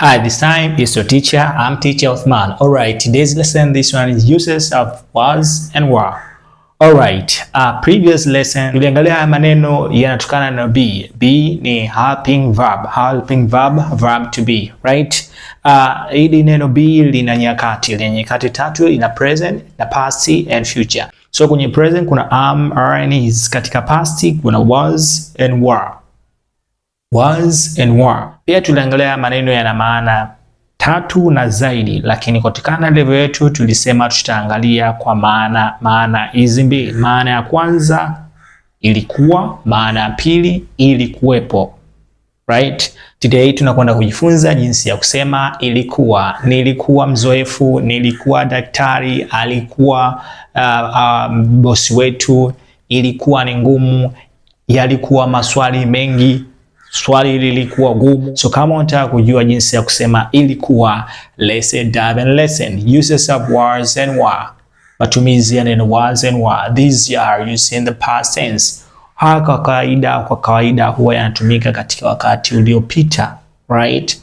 Hi, this time is your teacher. I'm teacher Othman. All right, today's lesson, this one is uses of was and were. All Alright, uh, previous lesson tuliangalia haya maneno yanatokana na be. Be ni helping verb, helping verb, verb to be, right? Uh, hili neno be lina nyakati, lina nyakati tatu, ina present, na past and future. So kwenye present kuna am, are and is, katika past kuna was and were was and were. Pia tuliangalia maneno yana maana tatu na zaidi, lakini katika na level yetu tulisema tutaangalia kwa maana maana hizi mbili. Maana ya kwanza ilikuwa, maana ya pili ilikuwepo. Right? Today tunakwenda kujifunza jinsi ya kusema ilikuwa. Nilikuwa mzoefu, nilikuwa daktari, alikuwa uh, uh, bosi wetu, ilikuwa ni ngumu, yalikuwa maswali mengi Swali lilikuwa gumu, so kama unataka kujua jinsi ya kusema ilikuwa, lesson dive and lesson uses of was and were, matumizi ya neno was and were, these are used in the past tense. Haya kwa kawaida, kwa kawaida huwa yanatumika katika wakati uliopita, right?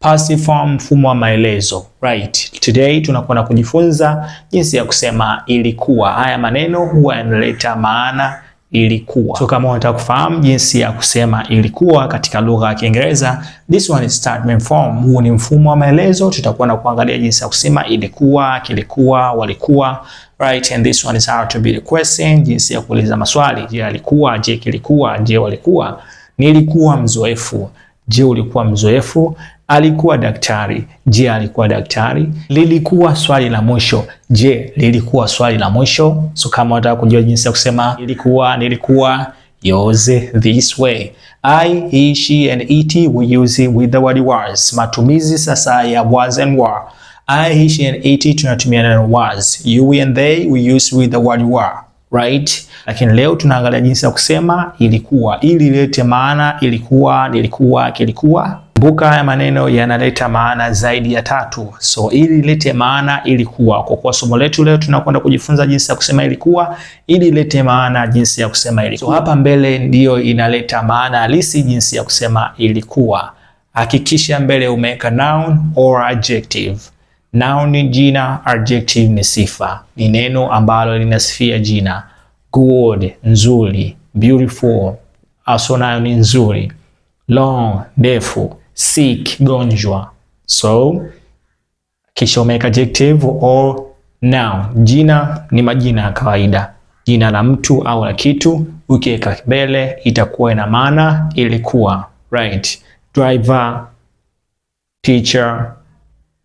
Passive form, mfumo wa maelezo right. Today tunakwenda kujifunza jinsi ya kusema ilikuwa. Haya maneno huwa yanaleta maana ilikuwa. So kama unataka kufahamu jinsi ya kusema ilikuwa katika lugha ya Kiingereza, this one is statement form. Huu ni mfumo wa maelezo, tutakuwa na kuangalia jinsi ya kusema ilikuwa, kilikuwa, walikuwa, right? And this one is how to be requesting, jinsi ya kuuliza maswali. Je, alikuwa? Je, kilikuwa? Je, walikuwa? Nilikuwa mzoefu. Je, ulikuwa mzoefu? Alikuwa daktari. Je, alikuwa daktari? Lilikuwa swali la mwisho. Je, lilikuwa swali la mwisho? So kama unataka kujua jinsi ya kusema ilikuwa, nilikuwa, yoze this way. I, he, she and it we use with the word was. Matumizi sasa ya was and were. I, he, she and it tunatumia neno was. You and they we use with the word were right? Lakini leo tunaangalia jinsi ya kusema ilikuwa, ili ilete maana ilikuwa, nilikuwa, kilikuwa. Kumbuka haya maneno yanaleta maana zaidi ya tatu, so ili ilete maana ilikuwa. Kwa kuwa somo letu leo tunakwenda kujifunza jinsi ya kusema ilikuwa, ili ilete maana jinsi ya kusema ilikuwa. So hapa mbele ndiyo inaleta maana halisi jinsi ya kusema ilikuwa. Hakikisha mbele umeweka noun or adjective. Noun ni jina, adjective ni sifa, ni neno ambalo linasifia jina. Good, nzuri. Beautiful, aso nayo ni nzuri. Long, ndefu. Sick, gonjwa. So kisha umeweka adjective or noun. Jina ni majina ya kawaida, jina la mtu au la kitu, ukiweka mbele itakuwa ina maana ilikuwa. Right. Driver, teacher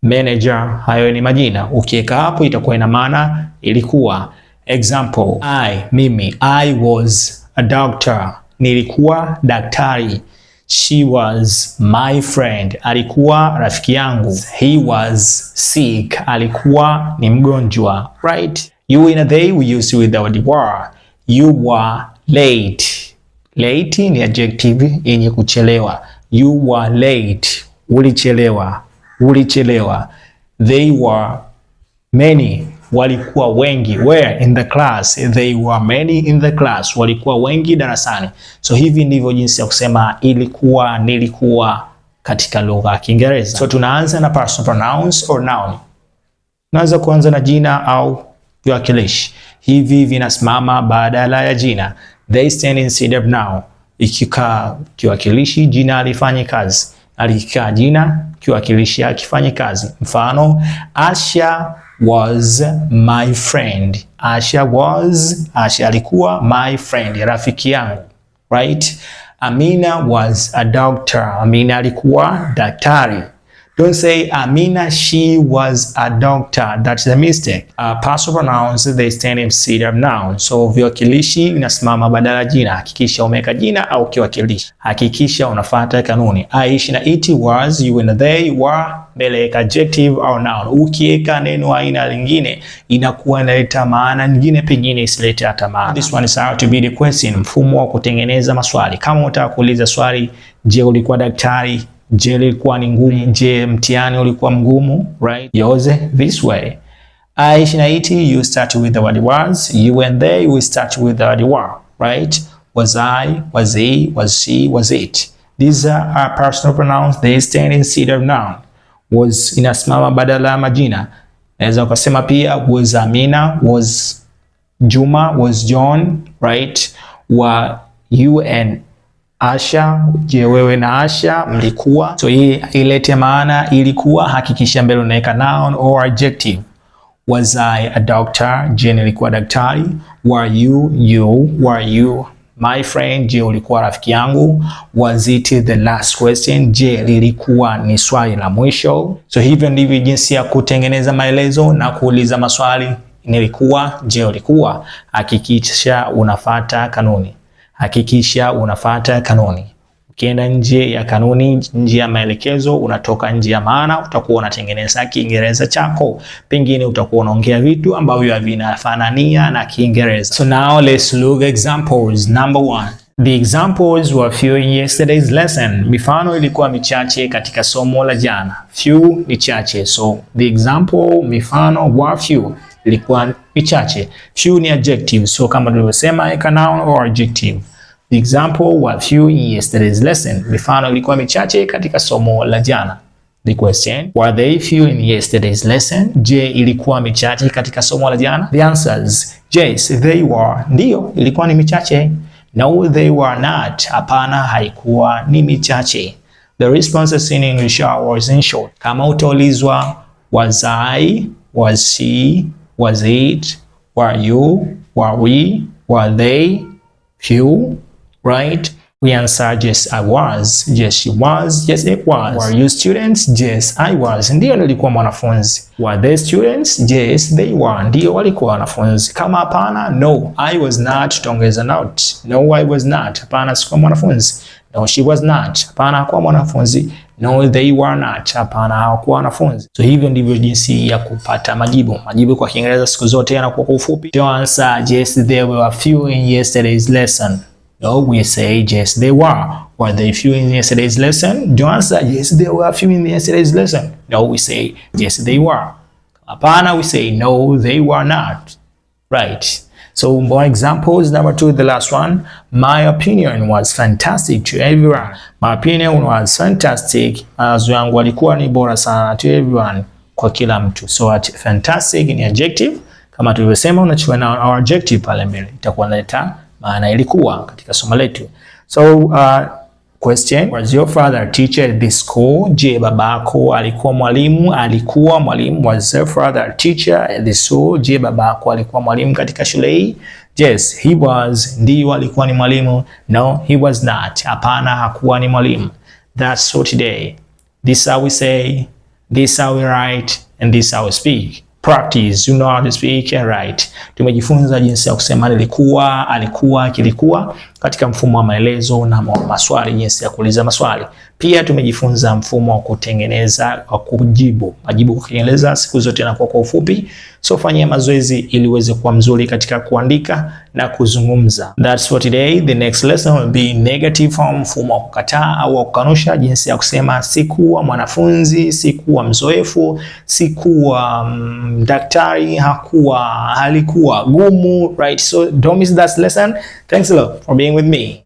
manager. Hayo ni majina, ukiweka hapo itakuwa ina maana ilikuwa. Example, I, mimi. I was a doctor, nilikuwa daktari. She was my friend, alikuwa rafiki yangu. He was sick, alikuwa ni mgonjwa, right? You a day we use without were. You were late. Late ni adjective yenye kuchelewa. You were late, ulichelewa ulichelewa. They were many, walikuwa wengi. Were in the class, they were many in the class, walikuwa wengi darasani. So hivi ndivyo jinsi ya kusema ilikuwa, nilikuwa katika lugha ya Kiingereza. So tunaanza na personal pronouns or noun. Tunaweza kuanza na jina au viwakilishi. Hivi vinasimama badala ya jina. They stand instead of noun. Ikikaa kiwakilishi, jina alifanyi kazi alikaa jina kiwakilishi akifanya kazi. Mfano, Asha was my friend. Asha was, Asha alikuwa my friend, rafiki yangu, right? Amina was a doctor. Amina alikuwa daktari. Don't say Amina, ah, she was a doctor. That's a mistake. Uh, ah, passive pronouns, they stand in seed of noun. So viwakilishi inasimama badala jina. Hakikisha umeweka jina au kiwakilishi. Hakikisha unafuata kanuni. Aishi ah, na it, was, you and they, were mbele ya adjective au noun. Ukiweka neno aina lingine inakuwa inaleta maana nyingine, pengine isilete hata maana. This one is how to be the question, mfumo wa kutengeneza maswali. Kama unataka kuuliza swali, je, ulikuwa daktari? Je, ilikuwa ni ngumu. Je, mtihani ulikuwa mgumu? Right, yoze this way. I na it you start with the word was. You and they we start with the word were. Right, was I, was he, was she, was it. These are personal pronouns, they stand instead of noun. Was inasimama badala ya majina. Naweza ukasema pia was Amina, was Juma, was John, right? Were you and Asha, je, wewe na Asha mlikuwa? So hii ilete maana ilikuwa, hakikisha mbele unaweka noun or adjective. Was I a doctor? Je, nilikuwa daktari. Were you, you. Were you my friend? Je, ulikuwa rafiki yangu. Was it the last question? Je, lilikuwa ni swali la mwisho. So hivyo ndivyo jinsi ya kutengeneza maelezo na kuuliza maswali. Nilikuwa, je, ulikuwa. Hakikisha unafata kanuni hakikisha unafata kanuni. Ukienda nje ya kanuni, nje ya maelekezo, unatoka nje ya maana, utakuwa unatengeneza Kiingereza chako. Pengine utakuwa unaongea vitu ambavyo havinafanania na Kiingereza. So now let's look examples. Number one. The examples were few in yesterday's lesson. Mifano ilikuwa michache katika somo la jana. Few ni chache. So the example, mifano were few ilikuwa michache. Few ni adjective, so kama tulivyosema eka noun or adjective. The example were few in yesterday's lesson. Mifano ilikuwa michache katika somo la jana. The question, were they few in yesterday's lesson? Je, ilikuwa michache katika somo la jana? The answers, yes, they were. Ndio, ilikuwa ni michache. No, they were not. Hapana, haikuwa ni michache. The responses in English are was in short. Kama utaulizwa was I, was she, was it, were you, were we, were they, few, right? We answer yes I was, yes she was, yes it was. Were you students? Yes I was. Ndio nilikuwa mwanafunzi. Were they students? Yes they were. Ndio walikuwa wanafunzi. Kama hapana, no I was not, Tongeza not. No I was not. Hapana sikuwa mwanafunzi. No she was not. Hapana hakuwa mwanafunzi. No, they were not. Hapana, hawakuwa wanafunzi. So hivyo ndivyo jinsi ya kupata majibu. Majibu kwa Kiingereza siku zote yanakuwa kwa ufupi. The answer, yes, there were a few in yesterday's lesson. No, we say yes, they were. Were they few in yesterday's lesson? The answer, yes, there were a few in yesterday's lesson. No, we say yes, they were. Hapana, we say no, they were not. Right. So more examples. Number two, the last one. My opinion was fantastic to everyone. My opinion was fantastic. Mawazo yangu alikuwa ni bora sana to everyone, kwa kila mtu. So at fantastic ni adjective kama tulivyosema, unachukua na our adjective pale mbele, itakuwa inaleta maana ilikuwa katika somo letu. So uh, Question, was your father a teacher at this school? Je, babako alikuwa mwalimu? Alikuwa mwalimu. Was your father a teacher at this school? Je, babako alikuwa mwalimu katika shule hii? Yes, he was. Ndiyo, alikuwa ni mwalimu. No, he was not. Hapana, hakuwa ni mwalimu. That's so today. This how we say, this how we write, and this how we speak. Practice, you know how to speak and write. Tumejifunza jinsi ya kusema nilikuwa, alikuwa, kilikuwa katika mfumo wa maelezo na maswali, jinsi ya kuuliza maswali. Pia tumejifunza mfumo wa kutengeneza wa kujibu majibu kwa Kiingereza, siku zote yanakuwa kwa ufupi, so fanyia mazoezi ili uweze kuwa mzuri katika kuandika na kuzungumza. That's for today. The next lesson will be negative form, mfumo wa kukataa au wa kukanusha, jinsi ya kusema sikuwa mwanafunzi, sikuwa mzoefu, sikuwa um, daktari, hakuwa, halikuwa gumu, right? So don't miss that lesson. Thanks a lot for being Being with me,